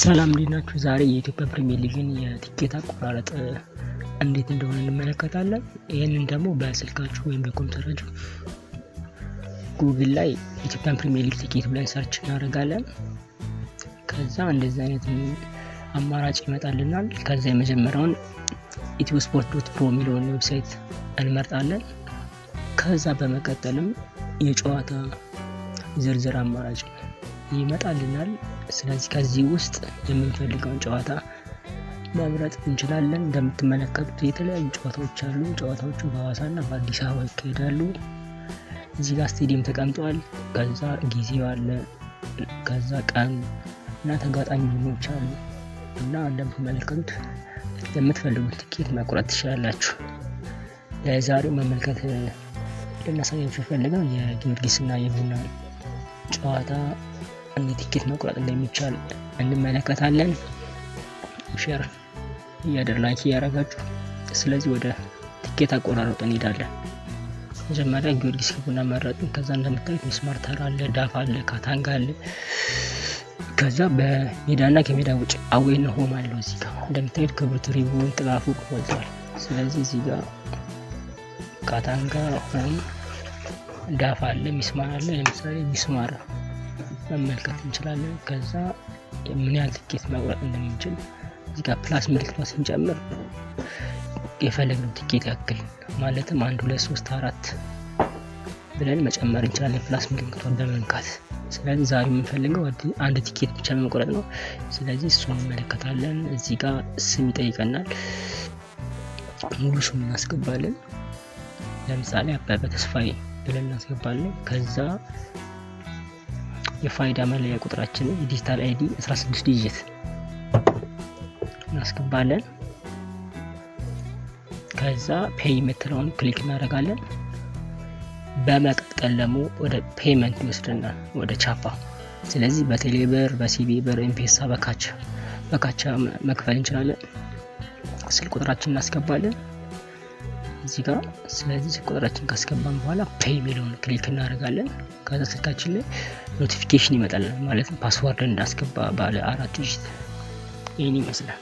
ሰላም እንዴት ናችሁ? ዛሬ የኢትዮጵያ ፕሪሚየር ሊግን የትኬት አቆራረጥ እንዴት እንደሆነ እንመለከታለን። ይህንን ደግሞ በስልካችሁ ወይም በኮምፒውተራችሁ ጉግል ላይ የኢትዮጵያን ፕሪሚየር ሊግ ትኬት ብለን ሰርች እናደርጋለን። ከዛ እንደዚህ አይነት አማራጭ ይመጣልናል። ከዛ የመጀመሪያውን ኢትዮ ስፖርት ዶት ፕሮ የሚለውን ዌብሳይት እንመርጣለን። ከዛ በመቀጠልም የጨዋታ ዝርዝር አማራጭ ይመጣልናል። ስለዚህ ከዚህ ውስጥ የምንፈልገውን ጨዋታ መምረጥ እንችላለን። እንደምትመለከቱት የተለያዩ ጨዋታዎች አሉ። ጨዋታዎቹ በሐዋሳና በአዲስ አበባ ይካሄዳሉ። እዚህ ጋር ስቴዲየም ተቀምጠዋል። ከዛ ጊዜው አለ፣ ከዛ ቀን እና ተጋጣሚ ቡድኖች አሉ እና እንደምትመለከቱት የምትፈልጉት ትኬት መቁረጥ ትችላላችሁ። የዛሬው መመልከት ልናሳያችሁ የፈለገው የጊዮርጊስና የቡና ጨዋታ እንዴት ቲኬት መቁረጥ እንደሚቻል እንመለከታለን። ሼር እያደር ላይክ እያደረጋችሁ ስለዚህ ወደ ቲኬት አቆራረጡ እንሄዳለን። መጀመሪያ ጊዮርጊስ ከቡና መረጥን። ከዛ እንደምታዩት ሚስማር ተራ አለ፣ ዳፍ አለ፣ ካታንጋ አለ። ከዛ በሜዳና ከሜዳ ውጭ አዌና ሆም አለው። እዚህ ጋር እንደምታዩት ክብር ትሪቡን ጥላፉ ቆልቷል። ስለዚህ እዚህ ጋር ካታንጋ ሆም ዳፍ አለ፣ ሚስማር አለ። ለምሳሌ ሚስማር መመልከት እንችላለን። ከዛ ምን ያህል ትኬት መቁረጥ እንደምንችል እዚህ ጋር ፕላስ ምልክቷ ስንጨምር የፈለግነው ትኬት ያክል ማለትም አንድ ሁለት ሶስት አራት ብለን መጨመር እንችላለን ፕላስ ምልክቷን በመንካት። ስለዚህ ዛሬ የምንፈልገው አንድ ቲኬት ብቻ መቁረጥ ነው። ስለዚህ እሱ እንመለከታለን። እዚህ ጋር ስም ይጠይቀናል። ሙሉ ስም እናስገባለን። ለምሳሌ አበበ ተስፋዬ ብለን እናስገባለን። ከዛ የፋይዳ መለያ ቁጥራችንን የዲጂታል አይዲ 16 ዲጂት እናስገባለን። ከዛ ፔይ የምትለውን ክሊክ እናደርጋለን። በመቀጠል ደግሞ ወደ ፔመንት ይወስደናል፣ ወደ ቻፓ። ስለዚህ በቴሌብር፣ በሲቢ ብር፣ ኤምፔሳ፣ በካቻ በካቻ መክፈል እንችላለን። ስልክ ቁጥራችን እናስገባለን። እዚህ ጋር ስለዚህ ቁጥራችን ካስገባን በኋላ ፔይ የሚለውን ክሊክ እናደርጋለን። ከዛ ስልካችን ላይ ኖቲፊኬሽን ይመጣል ማለት ነው። ፓስዋርድ እንዳስገባ ባለ አራት ዲጂት ይህን ይመስላል።